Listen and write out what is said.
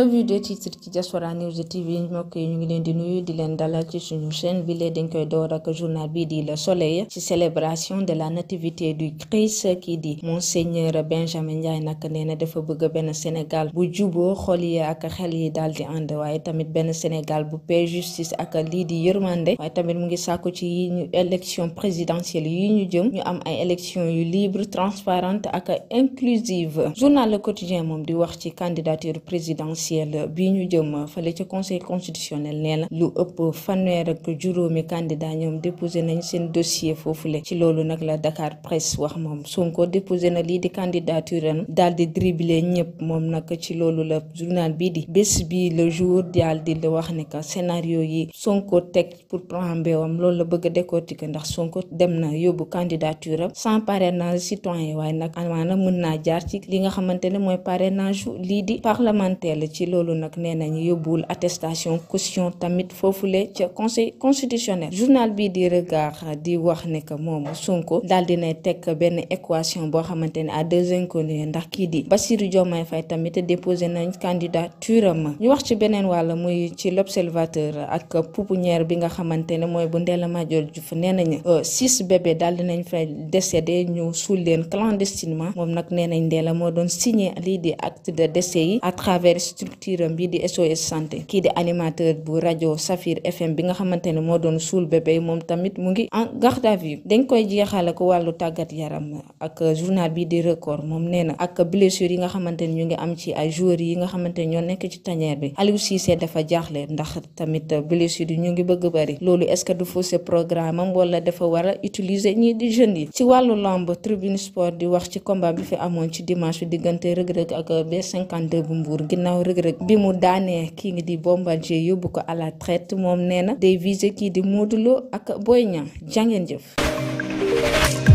revue des titres ci Diaspora News TV mbokk yi ñu ngi leen di nuyu di leen dalal ci suñu chaîne bi lee dañ koy door ak journal bi di Le Soleil ci célébration de la nativité du Christ qui di monseigneur Benjamin Ndiaye nak nee dafa bëgg ben Sénégal bu jubo xol yi ak xel yi daal di ànd waaye tamit ben Sénégal bu paix justice ak li di yërmande waaye tamit mu ngi sàkku ci yi ñu élection présidentielle yi ñu jëm ñu am ay élection yu libre transparente ak inclusive journal Le Quotidien mom di wax ci candidature présidentielle présidentielle bi ñu jëm fale ca conseil constitutionnel nee na lu ëpp fanweer ak juróomi candidat ñoom déposé nañ seen dossier foofule ci loolu nag la Dakar Presse wax moom Sonko déposé na lii di candidature am daal di dribblé ñëpp moom nag ci loolu la journal bii di bés bi le jour daal di la wax ne que scénario yi Sonko teg pour prombeewam loolu la bëgg a décortiquer ndax Sonko dem na yóbbu candidature am sans parrainage citoyen waaye nag amaana mën naa jaar ci loolu nag nee attestation caution tamit foofule ci conseil constitutionnel journal bi di regard di wax ne que mom Sonko daal dina tek ben équation bo xamanteni a à deux inconnues ndax ki di Bassirou Diomaye Faye tamit déposé nañ candidature am ñu wax ci benen wàll muy ci l'observateur ak pouponnière bi nga xamanteni moy bu Ndella major Diouf nee nañu euh, six bébé daal dinañ fay décédé ñu suul clandestinement mom nak nee nañ mo doon signé lii di acte de décès à travers structure bi di SOS santé ki di animateur bu radio Safir FM bi nga xamantene mo doon sul bébé mom tamit mu ngi en garde à vue dañ koy jeexaale ko walu tagat yaram ak journal bi di record mom nee ak blessure yi nga xamantene ñu ngi am ci ay joueurs yi nga xamantene ñoo nekk ci tanier bi Aliou Cissé dafa jaxlé ndax tamit blessure yi ñu ngi bëgg bari lolu est-ce que du fausser programme wala dafa wara utiliser ñi di jeune yi ci walu lamb tribune sport di wax ci combat bi fi amoon ci dimanche bi diggante Reug Reug ak B52 bu Mbour ginnaw Reug rëg-rëg bi mu daanee kii ngi di Bombardier yóbbu ko à la traite moom nee na day viser kii di Modou Lo ak Boy Niang jàngeen jëf